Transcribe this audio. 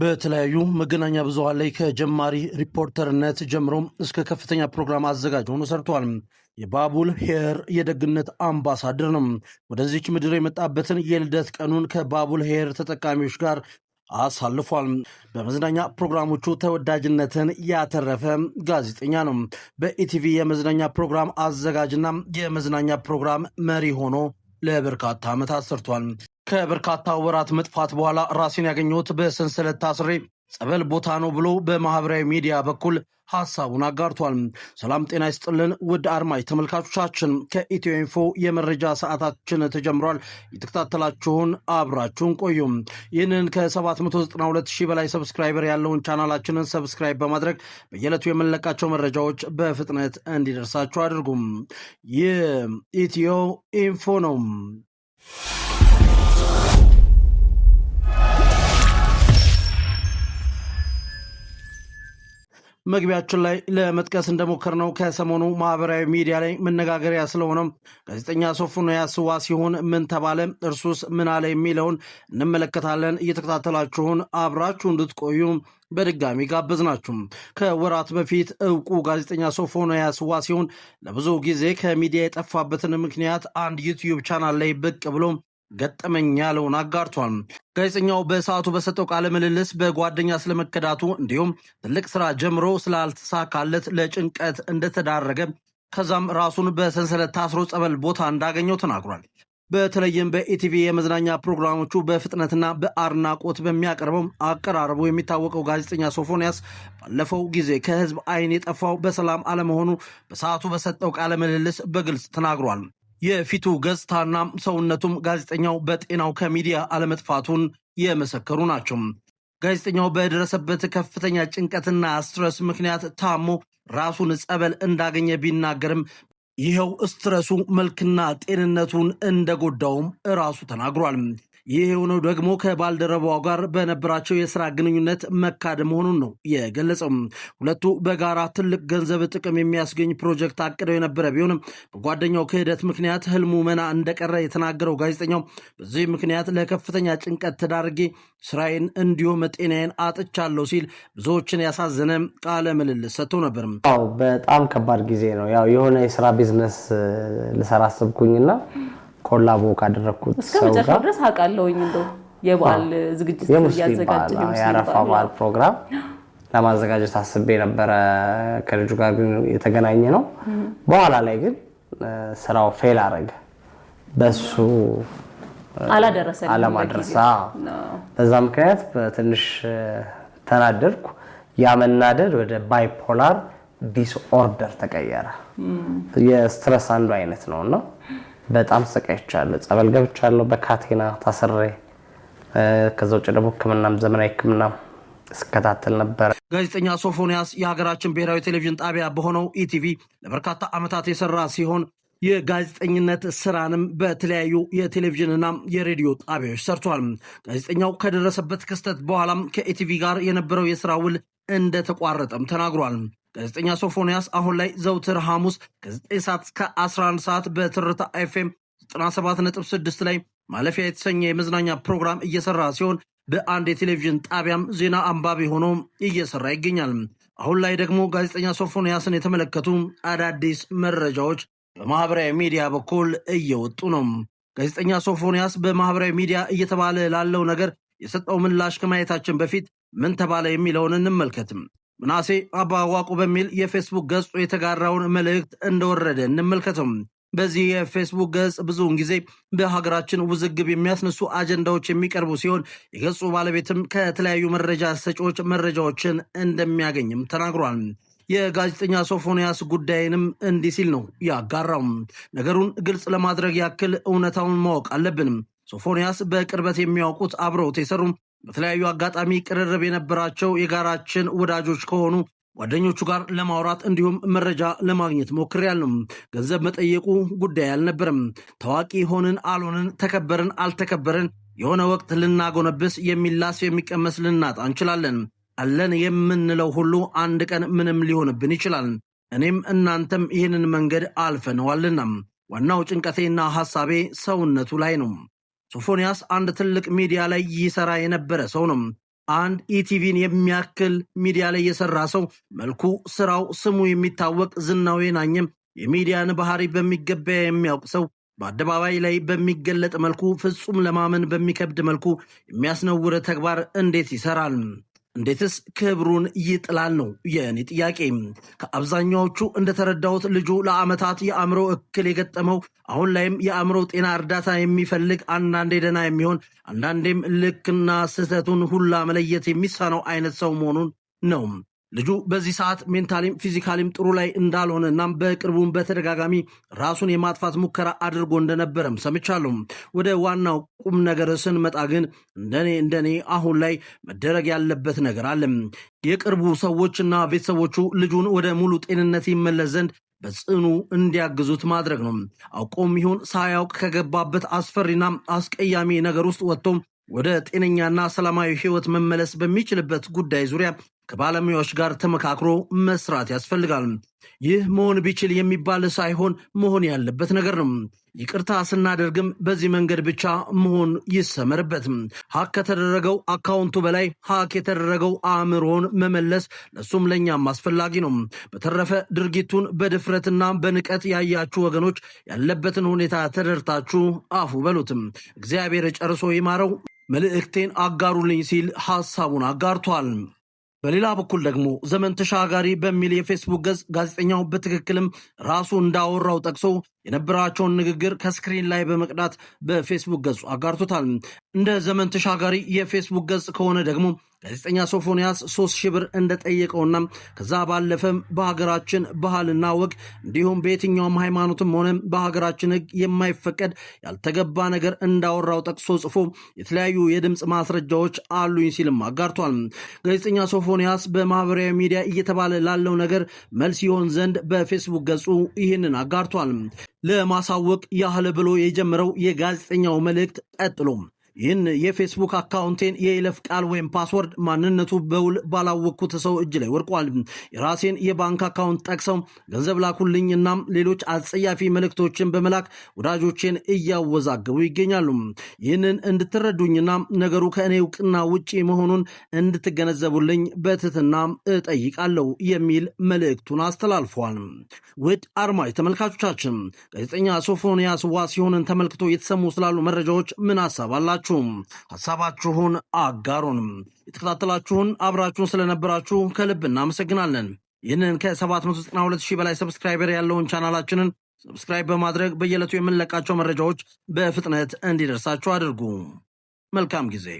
በተለያዩ መገናኛ ብዙሃን ላይ ከጀማሪ ሪፖርተርነት ጀምሮ እስከ ከፍተኛ ፕሮግራም አዘጋጅ ሆኖ ሰርቷል። የባቡል ሄር የደግነት አምባሳደር ነው። ወደዚች ምድር የመጣበትን የልደት ቀኑን ከባቡል ሄር ተጠቃሚዎች ጋር አሳልፏል። በመዝናኛ ፕሮግራሞቹ ተወዳጅነትን ያተረፈ ጋዜጠኛ ነው። በኢቲቪ የመዝናኛ ፕሮግራም አዘጋጅና የመዝናኛ ፕሮግራም መሪ ሆኖ ለበርካታ ዓመታት ሰርቷል። ከበርካታ ወራት መጥፋት በኋላ ራሴን ያገኘሁት በሰንሰለት ታስሬ ጸበል ቦታ ነው ብሎ በማህበራዊ ሚዲያ በኩል ሀሳቡን አጋርቷል። ሰላም ጤና ይስጥልን ውድ አድማጭ ተመልካቾቻችን፣ ከኢትዮ ኢንፎ የመረጃ ሰዓታችን ተጀምሯል። የተከታተላችሁን አብራችሁን ቆዩም። ይህንን ከ792 ሺህ በላይ ሰብስክራይበር ያለውን ቻናላችንን ሰብስክራይብ በማድረግ በየዕለቱ የምንለቃቸው መረጃዎች በፍጥነት እንዲደርሳችሁ አድርጉም። ይህ ኢትዮ ኢንፎ ነው። መግቢያችን ላይ ለመጥቀስ እንደሞከር ነው ከሰሞኑ ማህበራዊ ሚዲያ ላይ መነጋገሪያ ስለሆነው ጋዜጠኛ ሶፎንያስ ያስዋ ሲሆን ምን ተባለ እርሱስ ምን አለ የሚለውን እንመለከታለን። እየተከታተላችሁን አብራችሁ እንድትቆዩ በድጋሚ ጋብዝ ናችሁ። ከወራት በፊት እውቁ ጋዜጠኛ ሶፎንያስ ዋሲሁን ለብዙ ጊዜ ከሚዲያ የጠፋበትን ምክንያት አንድ ዩትዩብ ቻናል ላይ ብቅ ብሎ ገጠመኝ ያለውን አጋርቷል። ጋዜጠኛው በሰዓቱ በሰጠው ቃለ ምልልስ በጓደኛ ስለመከዳቱ እንዲሁም ትልቅ ስራ ጀምሮ ስላልተሳካለት ለጭንቀት እንደተዳረገ ከዛም ራሱን በሰንሰለት ታስሮ ጸበል ቦታ እንዳገኘው ተናግሯል። በተለይም በኢቲቪ የመዝናኛ ፕሮግራሞቹ በፍጥነትና በአድናቆት በሚያቀርበው አቀራረቡ የሚታወቀው ጋዜጠኛ ሶፎንያስ ባለፈው ጊዜ ከህዝብ አይን የጠፋው በሰላም አለመሆኑ በሰዓቱ በሰጠው ቃለ ምልልስ በግልጽ ተናግሯል። የፊቱ ገጽታና ሰውነቱም ጋዜጠኛው በጤናው ከሚዲያ አለመጥፋቱን የመሰከሩ ናቸው። ጋዜጠኛው በደረሰበት ከፍተኛ ጭንቀትና ስትረስ ምክንያት ታሞ ራሱን ጸበል እንዳገኘ ቢናገርም ይኸው ስትረሱ መልክና ጤንነቱን እንደጎዳውም ራሱ ተናግሯል። ይህ የሆነው ደግሞ ከባልደረባው ጋር በነበራቸው የስራ ግንኙነት መካድ መሆኑን ነው የገለጸው። ሁለቱ በጋራ ትልቅ ገንዘብ ጥቅም የሚያስገኝ ፕሮጀክት አቅደው የነበረ ቢሆንም በጓደኛው ክህደት ምክንያት ህልሙ መና እንደቀረ የተናገረው ጋዜጠኛው በዚህ ምክንያት ለከፍተኛ ጭንቀት ተዳርጌ ስራዬን እንዲሁም ጤናዬን አጥቻለሁ ሲል ብዙዎችን ያሳዘነ ቃለ ምልልስ ሰጥቶ ነበር። በጣም ከባድ ጊዜ ነው። ያው የሆነ የስራ ቢዝነስ ልሰራ አስብኩኝና ኮላቦ ካደረግኩት እስከ መጨረሻው ድረስ አውቃለሁኝ። እንደው የበዓል ዝግጅት እያዘጋጀ የአረፋ በዓል ፕሮግራም ለማዘጋጀት አስቤ ነበረ። ከልጁ ጋር ግን የተገናኘ ነው። በኋላ ላይ ግን ስራው ፌል አረገ። በሱ አላደረሰ በዛ ምክንያት በትንሽ ተናደድኩ። ያ መናደድ ወደ ባይፖላር ዲስኦርደር ተቀየረ። የስትረስ አንዱ አይነት ነው እና በጣም ሰቃይቻለሁ። ጸበል ገብቻለሁ፣ በካቴና ታስሬ። ከዛ ውጭ ደግሞ ህክምናም ዘመናዊ ህክምና ስከታተል ነበረ። ጋዜጠኛ ሶፎንያስ የሀገራችን ብሔራዊ ቴሌቪዥን ጣቢያ በሆነው ኢቲቪ ለበርካታ ዓመታት የሰራ ሲሆን የጋዜጠኝነት ስራንም በተለያዩ የቴሌቪዥንና የሬዲዮ ጣቢያዎች ሰርቷል። ጋዜጠኛው ከደረሰበት ክስተት በኋላም ከኢቲቪ ጋር የነበረው የስራ ውል እንደተቋረጠም ተናግሯል። ጋዜጠኛ ሶፎንያስ አሁን ላይ ዘውትር ሐሙስ ከ9 ሰዓት እስከ 11 ሰዓት በትርታ ኤፍኤም 97.6 ላይ ማለፊያ የተሰኘ የመዝናኛ ፕሮግራም እየሰራ ሲሆን በአንድ የቴሌቪዥን ጣቢያም ዜና አንባቢ ሆኖ እየሰራ ይገኛል። አሁን ላይ ደግሞ ጋዜጠኛ ሶፎንያስን የተመለከቱ አዳዲስ መረጃዎች በማህበራዊ ሚዲያ በኩል እየወጡ ነው። ጋዜጠኛ ሶፎንያስ በማህበራዊ ሚዲያ እየተባለ ላለው ነገር የሰጠው ምላሽ ከማየታችን በፊት ምን ተባለ የሚለውን እንመልከትም። ምናሴ አባዋቁ በሚል የፌስቡክ ገጹ የተጋራውን መልእክት እንደወረደ እንመልከተው። በዚህ የፌስቡክ ገጽ ብዙውን ጊዜ በሀገራችን ውዝግብ የሚያስነሱ አጀንዳዎች የሚቀርቡ ሲሆን የገጹ ባለቤትም ከተለያዩ መረጃ ሰጪዎች መረጃዎችን እንደሚያገኝም ተናግሯል። የጋዜጠኛ ሶፎንያስ ጉዳይንም እንዲህ ሲል ነው ያጋራው። ነገሩን ግልጽ ለማድረግ ያክል እውነታውን ማወቅ አለብንም። ሶፎንያስ በቅርበት የሚያውቁት አብረውት የሰሩ በተለያዩ አጋጣሚ ቅርርብ የነበራቸው የጋራችን ወዳጆች ከሆኑ ጓደኞቹ ጋር ለማውራት እንዲሁም መረጃ ለማግኘት ሞክሬያለሁ። ገንዘብ መጠየቁ ጉዳይ አልነበረም። ታዋቂ ሆንን አልሆንን፣ ተከበርን አልተከበርን፣ የሆነ ወቅት ልናጎነብስ የሚላስ የሚቀመስ ልናጣ እንችላለን። አለን የምንለው ሁሉ አንድ ቀን ምንም ሊሆንብን ይችላል። እኔም እናንተም ይህንን መንገድ አልፈነዋልና ዋናው ጭንቀቴና ሐሳቤ ሰውነቱ ላይ ነው። ሶፎንያስ አንድ ትልቅ ሚዲያ ላይ ይሰራ የነበረ ሰው ነው። አንድ ኢቲቪን የሚያክል ሚዲያ ላይ የሰራ ሰው መልኩ፣ ስራው፣ ስሙ የሚታወቅ ዝናው የናኘም የሚዲያን ባህሪ በሚገባ የሚያውቅ ሰው በአደባባይ ላይ በሚገለጥ መልኩ ፍጹም ለማመን በሚከብድ መልኩ የሚያስነውር ተግባር እንዴት ይሰራል? እንዴትስ ክብሩን ይጥላል ነው የእኔ ጥያቄ። ከአብዛኛዎቹ እንደተረዳሁት ልጁ ለአመታት የአእምሮ እክል የገጠመው አሁን ላይም የአእምሮ ጤና እርዳታ የሚፈልግ አንዳንዴ ደህና የሚሆን አንዳንዴም ልክና ስህተቱን ሁላ መለየት የሚሳነው አይነት ሰው መሆኑን ነው ልጁ በዚህ ሰዓት ሜንታሊም ፊዚካሊም ጥሩ ላይ እንዳልሆነ እናም በቅርቡም በተደጋጋሚ ራሱን የማጥፋት ሙከራ አድርጎ እንደነበረም ሰምቻለሁ። ወደ ዋናው ቁም ነገር ስንመጣ ግን እንደኔ እንደኔ አሁን ላይ መደረግ ያለበት ነገር አለ። የቅርቡ ሰዎችና ቤተሰቦቹ ልጁን ወደ ሙሉ ጤንነት ይመለስ ዘንድ በጽኑ እንዲያግዙት ማድረግ ነው። አውቆም ይሁን ሳያውቅ ከገባበት አስፈሪና አስቀያሚ ነገር ውስጥ ወጥቶም ወደ ጤነኛና ሰላማዊ ህይወት መመለስ በሚችልበት ጉዳይ ዙሪያ ከባለሙያዎች ጋር ተመካክሮ መስራት ያስፈልጋል። ይህ መሆን ቢችል የሚባል ሳይሆን መሆን ያለበት ነገር ነው። ይቅርታ ስናደርግም በዚህ መንገድ ብቻ መሆን ይሰመርበት። ሀክ ከተደረገው አካውንቱ በላይ ሀክ የተደረገው አእምሮን መመለስ ለሱም ለእኛም አስፈላጊ ነው። በተረፈ ድርጊቱን በድፍረትና በንቀት ያያችሁ ወገኖች ያለበትን ሁኔታ ተደርታችሁ አፉ በሉትም። እግዚአብሔር ጨርሶ ይማረው። መልእክቴን አጋሩልኝ ሲል ሀሳቡን አጋርቷል። በሌላ በኩል ደግሞ ዘመን ተሻጋሪ በሚል የፌስቡክ ገጽ ጋዜጠኛው በትክክልም ራሱ እንዳወራው ጠቅሶ የነበራቸውን ንግግር ከስክሪን ላይ በመቅዳት በፌስቡክ ገጹ አጋርቶታል። እንደ ዘመን ተሻጋሪ የፌስቡክ ገጽ ከሆነ ደግሞ ጋዜጠኛ ሶፎንያስ ሶስት ሺህ ብር እንደጠየቀውና ከዛ ባለፈም በሀገራችን ባህልና ወግ እንዲሁም በየትኛውም ሃይማኖትም ሆነ በሀገራችን ሕግ የማይፈቀድ ያልተገባ ነገር እንዳወራው ጠቅሶ ጽፎ የተለያዩ የድምፅ ማስረጃዎች አሉኝ ሲልም አጋርቷል። ጋዜጠኛ ሶፎንያስ በማህበራዊ ሚዲያ እየተባለ ላለው ነገር መልስ ይሆን ዘንድ በፌስቡክ ገጹ ይህንን አጋርቷል። ለማሳወቅ ያህል ብሎ የጀመረው የጋዜጠኛው መልእክት ቀጥሎም ይህን የፌስቡክ አካውንቴን የይለፍ ቃል ወይም ፓስወርድ ማንነቱ በውል ባላወቅኩት ሰው እጅ ላይ ወድቋል። የራሴን የባንክ አካውንት ጠቅሰው ገንዘብ ላኩልኝ እናም ሌሎች አጸያፊ መልእክቶችን በመላክ ወዳጆቼን እያወዛገቡ ይገኛሉ። ይህንን እንድትረዱኝና ነገሩ ከእኔ እውቅና ውጪ መሆኑን እንድትገነዘቡልኝ በትትና እጠይቃለሁ የሚል መልእክቱን አስተላልፏል። ውድ አድማጭ ተመልካቾቻችን ጋዜጠኛ ሶፎንያስ ዋሲሁንን ተመልክቶ የተሰሙ ስላሉ መረጃዎች ምን ሀሳብ አላቸው? ያላችሁ ሀሳባችሁን አጋሩን። የተከታተላችሁን አብራችሁን ስለነበራችሁ ከልብ እናመሰግናለን። ይህንን ከ792 ሺህ በላይ ሰብስክራይበር ያለውን ቻናላችንን ሰብስክራይብ በማድረግ በየዕለቱ የምንለቃቸው መረጃዎች በፍጥነት እንዲደርሳችሁ አድርጉ። መልካም ጊዜ